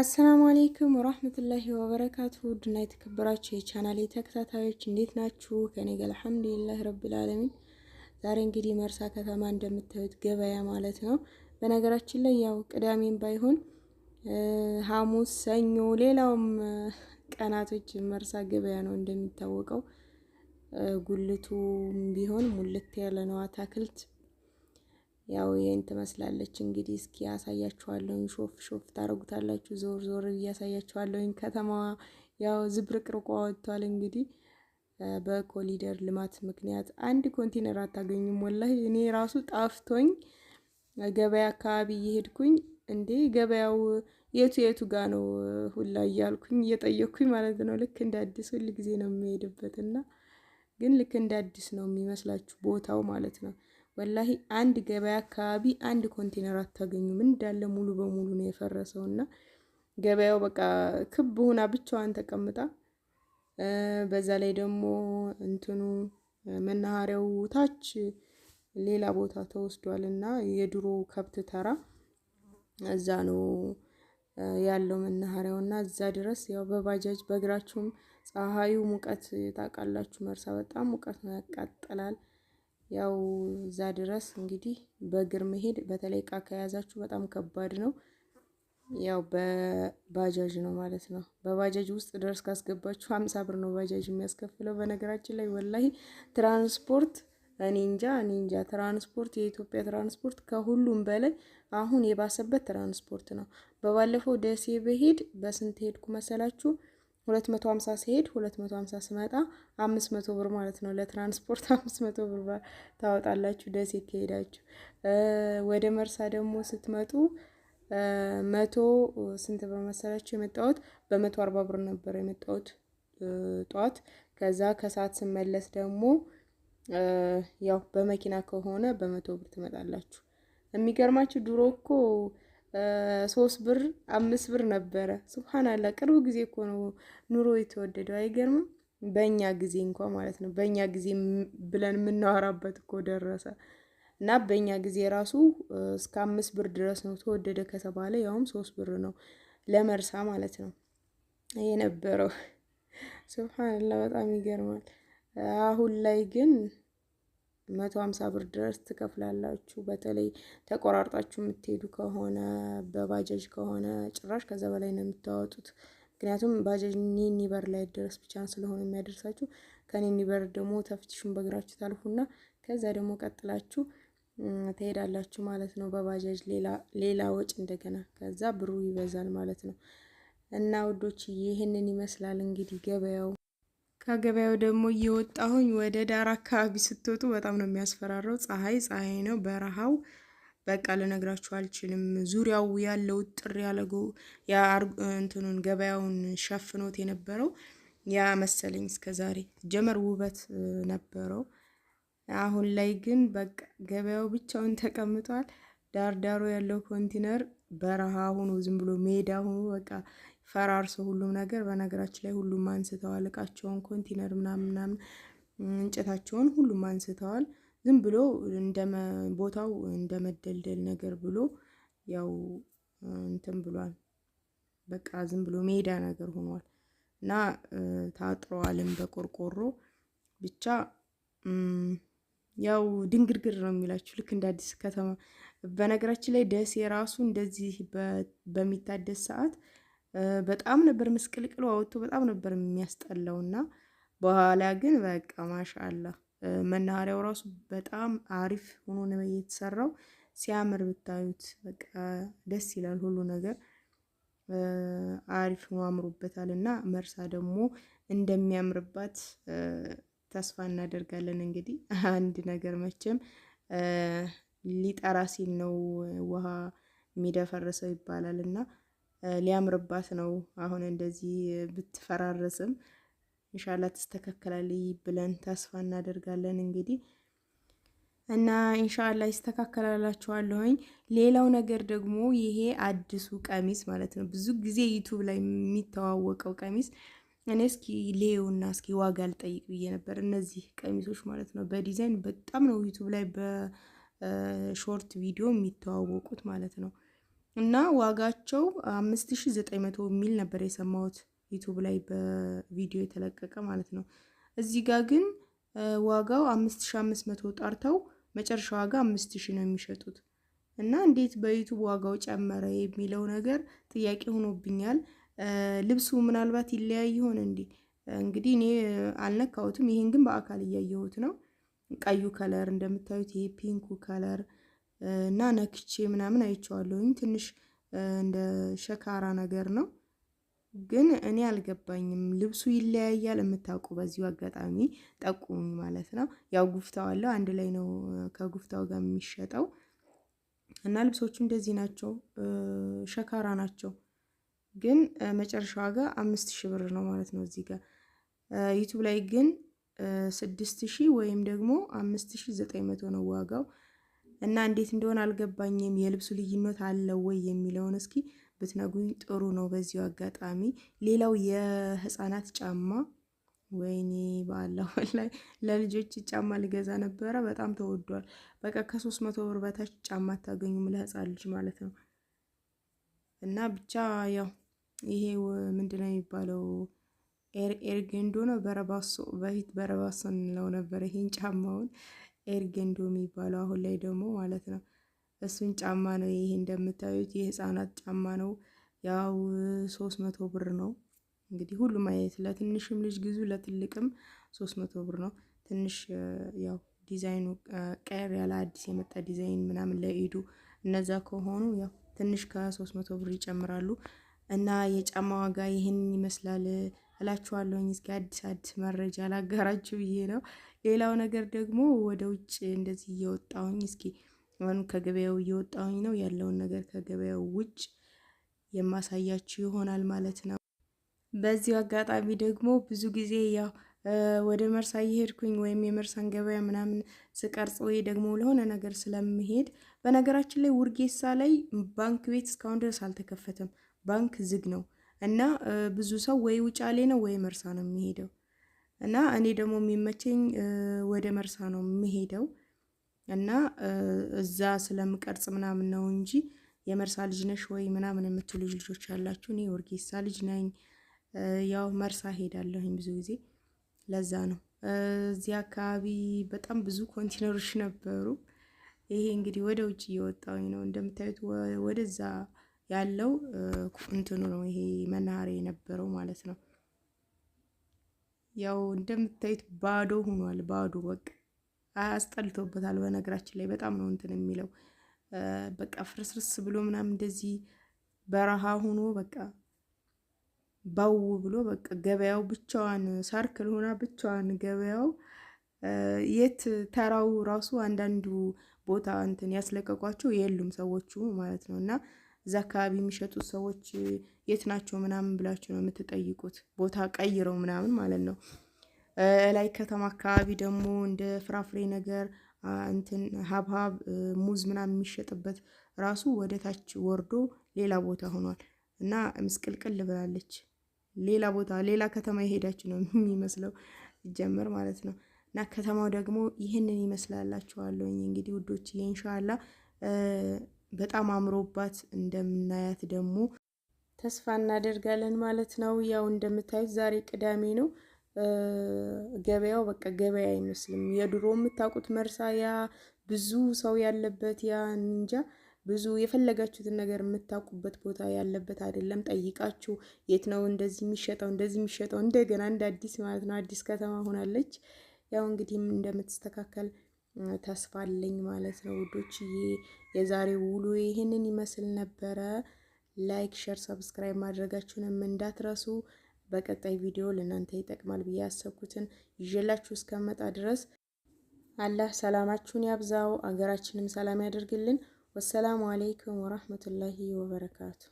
አሰላሙ አሌይኩም ወራህመቱላሂ ወበረካቱ ውድና የተከበራችሁ የቻናሌ ተከታታዮች እንዴት ናችሁ? ከኔ ጋር አልሐምዱሊላህ ረብል ዓለሚን። ዛሬ እንግዲህ መርሳ ከተማ እንደምታዩት ገበያ ማለት ነው። በነገራችን ላይ ያው ቅዳሜም ባይሆን ሐሙስ፣ ሰኞ፣ ሌላውም ቀናቶች መርሳ ገበያ ነው እንደሚታወቀው። ጉልቱም ቢሆን ሙልት ያለ ነው አታክልት ያው ይሄን ትመስላለች እንግዲህ። እስኪ ያሳያችኋለሁኝ። ሾፍ ሾፍ ታረጉታላችሁ። ዞር ዞር እያሳያችኋለሁኝ። ከተማዋ ያው ዝብርቅርቋ ወጥቷል እንግዲህ በኮሊደር ልማት ምክንያት አንድ ኮንቴነር አታገኙም። ወላሂ እኔ ራሱ ጣፍቶኝ ገበያ አካባቢ እየሄድኩኝ እንዴ ገበያው የቱ የቱ ጋ ነው ሁላ እያልኩኝ እየጠየኩኝ ማለት ነው። ልክ እንደ አዲስ ሁል ጊዜ ነው የሚሄድበት እና ግን ልክ እንደ አዲስ ነው የሚመስላችሁ ቦታው ማለት ነው። ወላሂ አንድ ገበያ አካባቢ አንድ ኮንቴነር አታገኙም። እንዳለ ሙሉ በሙሉ ነው የፈረሰው እና ገበያው በቃ ክብ ሆና ብቻዋን ተቀምጣ፣ በዛ ላይ ደግሞ እንትኑ መናኸሪያው ታች ሌላ ቦታ ተወስዷል እና የድሮ ከብት ተራ እዛ ነው ያለው መናኸሪያው እና እዛ ድረስ ያው በባጃጅ በእግራችሁም ፀሐዩ ሙቀት ታውቃላችሁ፣ መርሳ በጣም ሙቀት ነው፣ ያቃጥላል። ያው እዛ ድረስ እንግዲህ በእግር መሄድ በተለይ እቃ ከያዛችሁ በጣም ከባድ ነው። ያው በባጃጅ ነው ማለት ነው። በባጃጅ ውስጥ ድረስ ካስገባችሁ ሀምሳ ብር ነው ባጃጅ የሚያስከፍለው። በነገራችን ላይ ወላሂ ትራንስፖርት እኔ እንጃ እኔ እንጃ ትራንስፖርት የኢትዮጵያ ትራንስፖርት ከሁሉም በላይ አሁን የባሰበት ትራንስፖርት ነው። በባለፈው ደሴ በሄድ በስንት ሄድኩ መሰላችሁ? 250 ሲሄድ 250 ስመጣ 500 ብር ማለት ነው። ለትራንስፖርት 500 ብር ታወጣላችሁ ደሴ ከሄዳችሁ። ወደ መርሳ ደግሞ ስትመጡ መቶ ስንት ብር መሰላችሁ የመጣሁት? በመቶ አርባ ብር ነበር የመጣሁት ጧት ከዛ ከሰዓት ስመለስ ደግሞ ያው በመኪና ከሆነ በመቶ ብር ትመጣላችሁ። የሚገርማችሁ ድሮ እኮ ሶስት ብር አምስት ብር ነበረ። ሱብሃንአላህ ቅርብ ጊዜ እኮ ነው ኑሮ የተወደደው። አይገርምም? በእኛ ጊዜ እንኳ ማለት ነው። በእኛ ጊዜ ብለን የምናወራበት እኮ ደረሰ እና በእኛ ጊዜ ራሱ እስከ አምስት ብር ድረስ ነው ተወደደ ከተባለ ያውም ሶስት ብር ነው ለመርሳ ማለት ነው የነበረው። ሱብሃንአላህ በጣም ይገርማል። አሁን ላይ ግን መቶ ሀምሳ ብር ድረስ ትከፍላላችሁ። በተለይ ተቆራርጣችሁ የምትሄዱ ከሆነ በባጃጅ ከሆነ ጭራሽ ከዛ በላይ ነው የምታወጡት። ምክንያቱም ባጃጅ ኒኒ በር ላይ ድረስ ብቻ ስለሆነ የሚያደርሳችሁ ከኒኒ በር ደግሞ ተፍትሹን በእግራችሁ ታልፉና ከዛ ደግሞ ቀጥላችሁ ትሄዳላችሁ ማለት ነው። በባጃጅ ሌላ ወጪ እንደገና ከዛ ብሩ ይበዛል ማለት ነው። እና ውዶች ይህንን ይመስላል እንግዲህ ገበያው ከገበያው ደግሞ እየወጣሁኝ ወደ ዳር አካባቢ ስትወጡ በጣም ነው የሚያስፈራረው። ፀሐይ ፀሐይ ነው በረሃው በቃ ልነግራችሁ አልችልም። ዙሪያው ያለው ጥር ያለጎ እንትኑን ገበያውን ሸፍኖት የነበረው ያ መሰለኝ እስከ ዛሬ ጀመር ውበት ነበረው። አሁን ላይ ግን በቃ ገበያው ብቻውን ተቀምጧል። ዳርዳሩ ያለው ኮንቲነር በረሃ ሆኖ ዝም ብሎ ሜዳ ሆኖ በቃ ፈራርሶ ሁሉም ነገር በነገራችን ላይ ሁሉም አንስተዋል። እቃቸውን ኮንቲነር ምናምን ምናምን እንጨታቸውን ሁሉም አንስተዋል። ዝም ብሎ ቦታው እንደ መደልደል ነገር ብሎ ያው እንትን ብሏል። በቃ ዝም ብሎ ሜዳ ነገር ሆኗል እና ታጥረዋልም በቆርቆሮ ብቻ ያው ድንግርግር ነው የሚላችሁ ልክ እንደ አዲስ ከተማ። በነገራችን ላይ ደሴ ራሱ እንደዚህ በሚታደስ ሰዓት በጣም ነበር ምስቅልቅሎ አወጥቶ በጣም ነበር የሚያስጠላው። እና በኋላ ግን በቃ ማሻአላ መናኸሪያው ራሱ በጣም አሪፍ ሆኖ ነው የተሰራው። ሲያምር ብታዩት በቃ ደስ ይላል ሁሉ ነገር አሪፍ ነው አምሮበታል። እና መርሳ ደግሞ እንደሚያምርባት ተስፋ እናደርጋለን። እንግዲህ አንድ ነገር መቼም ሊጠራ ሲል ነው ውሃ የሚደፈርሰው ይባላል እና ሊያምርባት ነው። አሁን እንደዚህ ብትፈራረስም ኢንሻላ ትስተካከላለች ብለን ተስፋ እናደርጋለን እንግዲህ እና እንሻላ ይስተካከላላችኋለሁኝ። ሌላው ነገር ደግሞ ይሄ አዲሱ ቀሚስ ማለት ነው። ብዙ ጊዜ ዩቱብ ላይ የሚተዋወቀው ቀሚስ እኔ እስኪ ሌውና እስኪ ዋጋ ልጠይቅ ብዬ ነበር። እነዚህ ቀሚሶች ማለት ነው በዲዛይን በጣም ነው ዩቱብ ላይ በሾርት ቪዲዮ የሚተዋወቁት ማለት ነው። እና ዋጋቸው 5900 ሺ መቶ የሚል ነበር የሰማሁት ዩቱብ ላይ በቪዲዮ የተለቀቀ ማለት ነው። እዚህ ጋር ግን ዋጋው 5500 ሺ መቶ ጣርተው መጨረሻ ዋጋ 5000 ነው የሚሸጡት እና እንዴት በዩቱብ ዋጋው ጨመረ የሚለው ነገር ጥያቄ ሆኖብኛል። ልብሱ ምናልባት ይለያይ ይሆን እንዴ? እንግዲህ እኔ አልነካሁትም። ይሄን ግን በአካል እያየሁት ነው። ቀዩ ከለር እንደምታዩት ይሄ ፒንኩ ከለር እና ነክቼ ምናምን አይቼዋለሁኝ። ትንሽ እንደ ሸካራ ነገር ነው፣ ግን እኔ አልገባኝም። ልብሱ ይለያያል የምታውቁ በዚሁ አጋጣሚ ጠቁሙኝ ማለት ነው። ያው ጉፍታው አለው አንድ ላይ ነው ከጉፍታው ጋር የሚሸጠው እና ልብሶቹ እንደዚህ ናቸው፣ ሸካራ ናቸው። ግን መጨረሻ ዋጋ አምስት ሺ ብር ነው ማለት ነው እዚህ ጋር ዩቱብ ላይ ግን ስድስት ሺህ ወይም ደግሞ አምስት ሺህ ዘጠኝ መቶ ነው ዋጋው። እና እንዴት እንደሆነ አልገባኝም። የልብሱ ልዩነት አለው ወይ የሚለውን እስኪ ብትነጉኝ ጥሩ ነው። በዚሁ አጋጣሚ ሌላው የህፃናት ጫማ ወይኔ ባለው ላይ ለልጆች ጫማ ልገዛ ነበረ። በጣም ተወዷል። በቃ ከሶስት መቶ ብር በታች ጫማ አታገኙም ለህፃን ልጅ ማለት ነው። እና ብቻ ያው ይሄ ምንድን ነው የሚባለው ኤርጌንዶ ነው። በረባሶ በፊት በረባሶ እንለው ነበር ይሄን ጫማውን ኤርጌንዶ የሚባለው አሁን ላይ ደግሞ ማለት ነው። እሱን ጫማ ነው ይሄ እንደምታዩት የህፃናት ጫማ ነው። ያው ሶስት መቶ ብር ነው እንግዲህ ሁሉም አይነት ለትንሽም ልጅ ግዙ፣ ለትልቅም ሶስት መቶ ብር ነው። ትንሽ ያው ዲዛይኑ ቀር ያለ አዲስ የመጣ ዲዛይን ምናምን ለኢዱ እነዛ ከሆኑ ያው ትንሽ ከሶስት መቶ ብር ይጨምራሉ እና የጫማ ዋጋ ይህን ይመስላል። እላችኋለሁኝ። እስኪ አዲስ አዲስ መረጃ ላጋራችሁ ብዬ ነው። ሌላው ነገር ደግሞ ወደ ውጭ እንደዚህ እየወጣሁኝ እስኪ አሁን ከገበያው እየወጣሁኝ ነው ያለውን ነገር ከገበያው ውጭ የማሳያችሁ ይሆናል ማለት ነው። በዚሁ አጋጣሚ ደግሞ ብዙ ጊዜ ያው ወደ መርሳ እየሄድኩኝ ወይም የመርሳን ገበያ ምናምን ስቀርጽ ወይ ደግሞ ለሆነ ነገር ስለምሄድ፣ በነገራችን ላይ ውርጌሳ ላይ ባንክ ቤት እስካሁን ድረስ አልተከፈተም። ባንክ ዝግ ነው። እና ብዙ ሰው ወይ ውጫሌ ነው ወይ መርሳ ነው የሚሄደው እና እኔ ደግሞ የሚመቸኝ ወደ መርሳ ነው የሚሄደው እና እዛ ስለምቀርጽ ምናምን ነው እንጂ የመርሳ ልጅ ነሽ ወይ ምናምን የምትሉ ልጆች ያላችሁ፣ እኔ ወርጌሳ ልጅ ነኝ። ያው መርሳ ሄዳለሁኝ ብዙ ጊዜ ለዛ ነው። እዚህ አካባቢ በጣም ብዙ ኮንቲነሮች ነበሩ። ይሄ እንግዲህ ወደ ውጭ እየወጣሁኝ ነው እንደምታዩት ወደዛ ያለው እንትኑ ነው ይሄ መናኸሪያ የነበረው ማለት ነው። ያው እንደምታዩት ባዶ ሆኗል። ባዶ በቃ አያስጠልቶበታል። በነገራችን ላይ በጣም ነው እንትን የሚለው በቃ ፍርስርስ ብሎ ምናምን እንደዚህ በረሃ ሆኖ በቃ ባው ብሎ በቃ ገበያው ብቻዋን ሰርክል ሆና ብቻዋን ገበያው የት ተራው ራሱ አንዳንዱ ቦታ እንትን ያስለቀቋቸው የሉም ሰዎቹ ማለት ነው እና እዛ አካባቢ የሚሸጡ ሰዎች የት ናቸው ምናምን ብላችሁ ነው የምትጠይቁት። ቦታ ቀይረው ምናምን ማለት ነው። ላይ ከተማ አካባቢ ደግሞ እንደ ፍራፍሬ ነገር እንትን ሀብሀብ፣ ሙዝ ምናምን የሚሸጥበት ራሱ ወደ ታች ወርዶ ሌላ ቦታ ሆኗል እና ምስቅልቅል ብላለች። ሌላ ቦታ ሌላ ከተማ የሄዳችሁ ነው የሚመስለው ጀምር ማለት ነው። እና ከተማው ደግሞ ይህንን ይመስላላችኋለሁ እንግዲህ ውዶች ኢንሻአላ በጣም አምሮባት እንደምናያት ደግሞ ተስፋ እናደርጋለን ማለት ነው። ያው እንደምታዩት ዛሬ ቅዳሜ ነው። ገበያው በቃ ገበያ አይመስልም። የድሮ የምታውቁት መርሳ፣ ያ ብዙ ሰው ያለበት ያ እንጃ ብዙ የፈለጋችሁትን ነገር የምታውቁበት ቦታ ያለበት አይደለም። ጠይቃችሁ የት ነው እንደዚህ የሚሸጠው እንደዚህ የሚሸጠው እንደገና እንደ አዲስ ማለት ነው። አዲስ ከተማ ሆናለች። ያው እንግዲህም እንደምትስተካከል ተስፋ አለኝ ማለት ነው ውዶችዬ። የዛሬ ውሎ ይህንን ይመስል ነበረ። ላይክ፣ ሸር፣ ሰብስክራይብ ማድረጋችሁንም እንዳትረሱ። በቀጣይ ቪዲዮ ለእናንተ ይጠቅማል ብዬ ያሰብኩትን ይዤላችሁ እስከመጣ ድረስ አላህ ሰላማችሁን ያብዛው፣ አገራችንም ሰላም ያደርግልን። ወሰላሙ አለይኩም ወራህመቱላሂ ወበረካቱ።